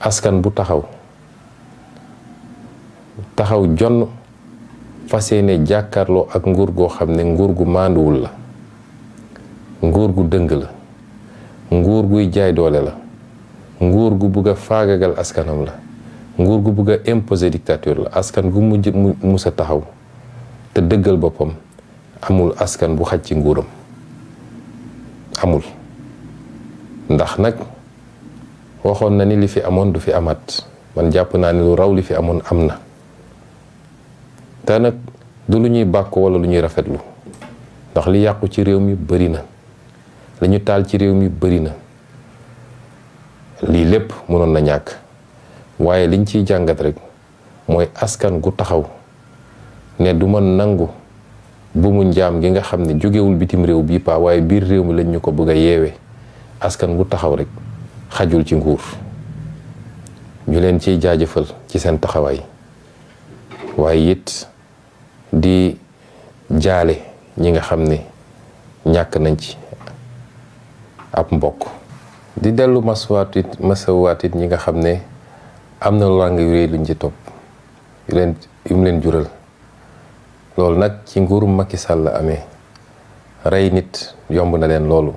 askan bu taxaw taxaw jonn fas yéene jàkkaarloo ak nguur goo xam ne nguur gu mànduwul la nguur gu dëng la nguur guy jaay doole la nguur gu bugg faagagal askanam la nguur gu bugg imposé imposer dictature la askan gu mujj mu musa taxaw te dëggal boppam amul askan bu xaj ci nguuram amul ndax nag waxoon na ni li fi amoon du fi amaat man jàpp naa ni lu raw li fi amoon am na te nag du lu ñuy bàkk wala lu ñuy rafetlu ndax li yàqu ci réew mi bëri na li taal ci réew mi bëri na lii lépp mënoon na ñàkk waaye liñ ciy jàngat rek mooy askan gu taxaw ne du ma nangu bu mu njaam gi nga xam ne jógewul bitim réew bii paa waaye biir réew mi lañ ñu ko bëgg a askan gu taxaw rek xajul ci nguur ñu leen ciy jaajëfal ci seen taxawaay waaye it di jaale ñi nga xam ne ñàkk nañ ci ab mbokk di dellu masawaat it ñi nga xam ne am na làng yu réy luñ ci topp yu leen yu leen jural loolu nag ci nguurum Macky Sall amee rey nit yomb na leen loolu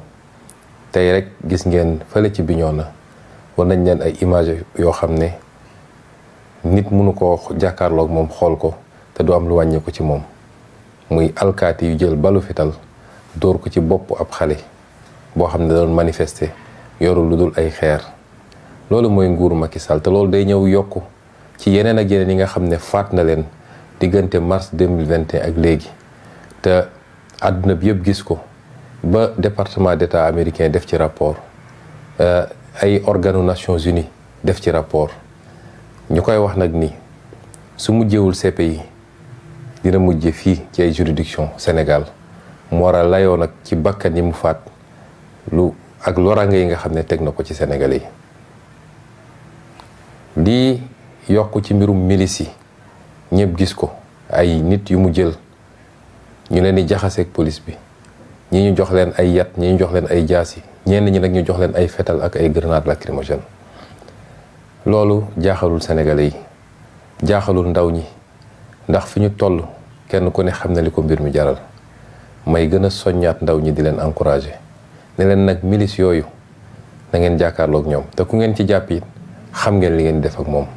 tey rek gis ngeen fële ci na war nañ leen ay image yoo xam ne nit mënu ko jàkkaarlook moom xool ko te du am lu wàññi ko ci moom muy alkaati yu jël balu fital dóor ko ci bopp ab xale boo xam ne doon manifester yoru lu dul ay xeer loolu mooy nguuru Macky Sall te loolu day ñëw yokk ci yeneen ak yeneen yi nga xam ne faat na leen diggante mars 2021 ak léegi te àdduna bi yëpp gis ko ba département d'état américain def ci rapport euh, ay organu Nations Unies def ci rapport ñu koy wax nag ni su mujjewul yi dina mujje fii ci ay juridiction Sénégal mu wara a layoo nag ci bakkan yi mu faat lu ak loraange yi nga xam ne teg na ko ci Sénégalais yi lii yokk ci mbirum milice yi ñëpp gis ko ay nit yu mu jël ñu leen di jaxaseek police bi ñi ñu jox leen ay yat ñi ñu jox leen ay jaasi ñenn ñi nag ñu jox leen ay fetal ak ay grenade lacrymogène loolu jaaxalul sénégalais yi jaaxalul ndaw ñi ndax fi ñu toll kenn ku ne xam na li ko mbir mi jaral may gën a soññaat ndaw ñi di leen encourager ne leen nag milice yooyu na ngeen jàkkaarloog ñoom te ku ngeen ci jàpp yi xam ngeen li ngeen def ak moom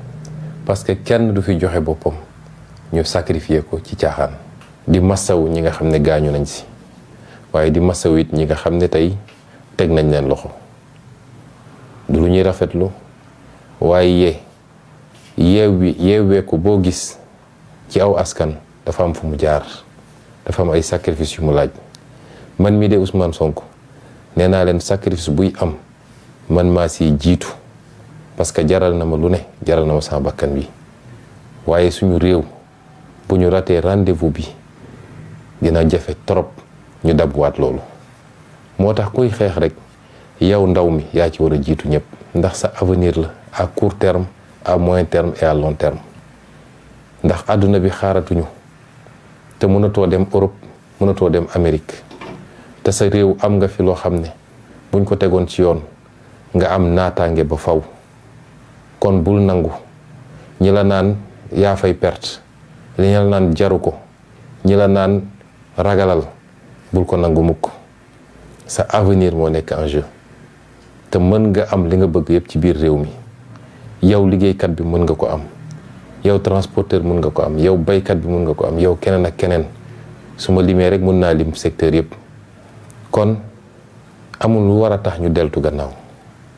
parce que kenn du fi joxe boppam ñu sacrifier ko ci caaxaan di massawu ñi nga xam ne gaañu nañ si waaye di masawu it ñi nga xam ne tey teg nañ leen loxo du lu ñuy rafetlu waaye yeew yeewee boo gis ci aw askan dafa am fu mu jaar dafa am ay sacrifice yu mu laaj man mii de Ousmane Sonko nee naa leen sacrifice buy am man maa si jiitu parce que jaral na ma lu ne jaral na ma sama bakkan bi waaye suñu réew bu ñu ratee rendez-vous bi dina jafe trop. ñu dabwaat loolu moo tax kuy xeex rek yow ndaw mi yaa ci war a jiitu ñëpp ndax sa avenir la à court terme à moyen terme et à long terme ndax àdduna bi xaaratuñu te mënatoo dem Europe mënatoo dem Amérique te sa réew am nga fi loo xam ne buñ ko tegoon ci yoon nga am naataange ba faw kon bul nangu ñi la naan yaa perte li ñu la naan jaru ko ñi la naan ragalal bul ko nangu mukk sa avenir moo nekk en te mën nga am li nga bëgg yëpp ci biir réew mi yow liggéeykat bi mën nga ko am yow transporteur mën nga ko am yow baykat bi mën nga ko am yow keneen ak keneen su ma limee rek mun naa lim secteur yëpp kon amul lu war a tax ñu deltu gannaaw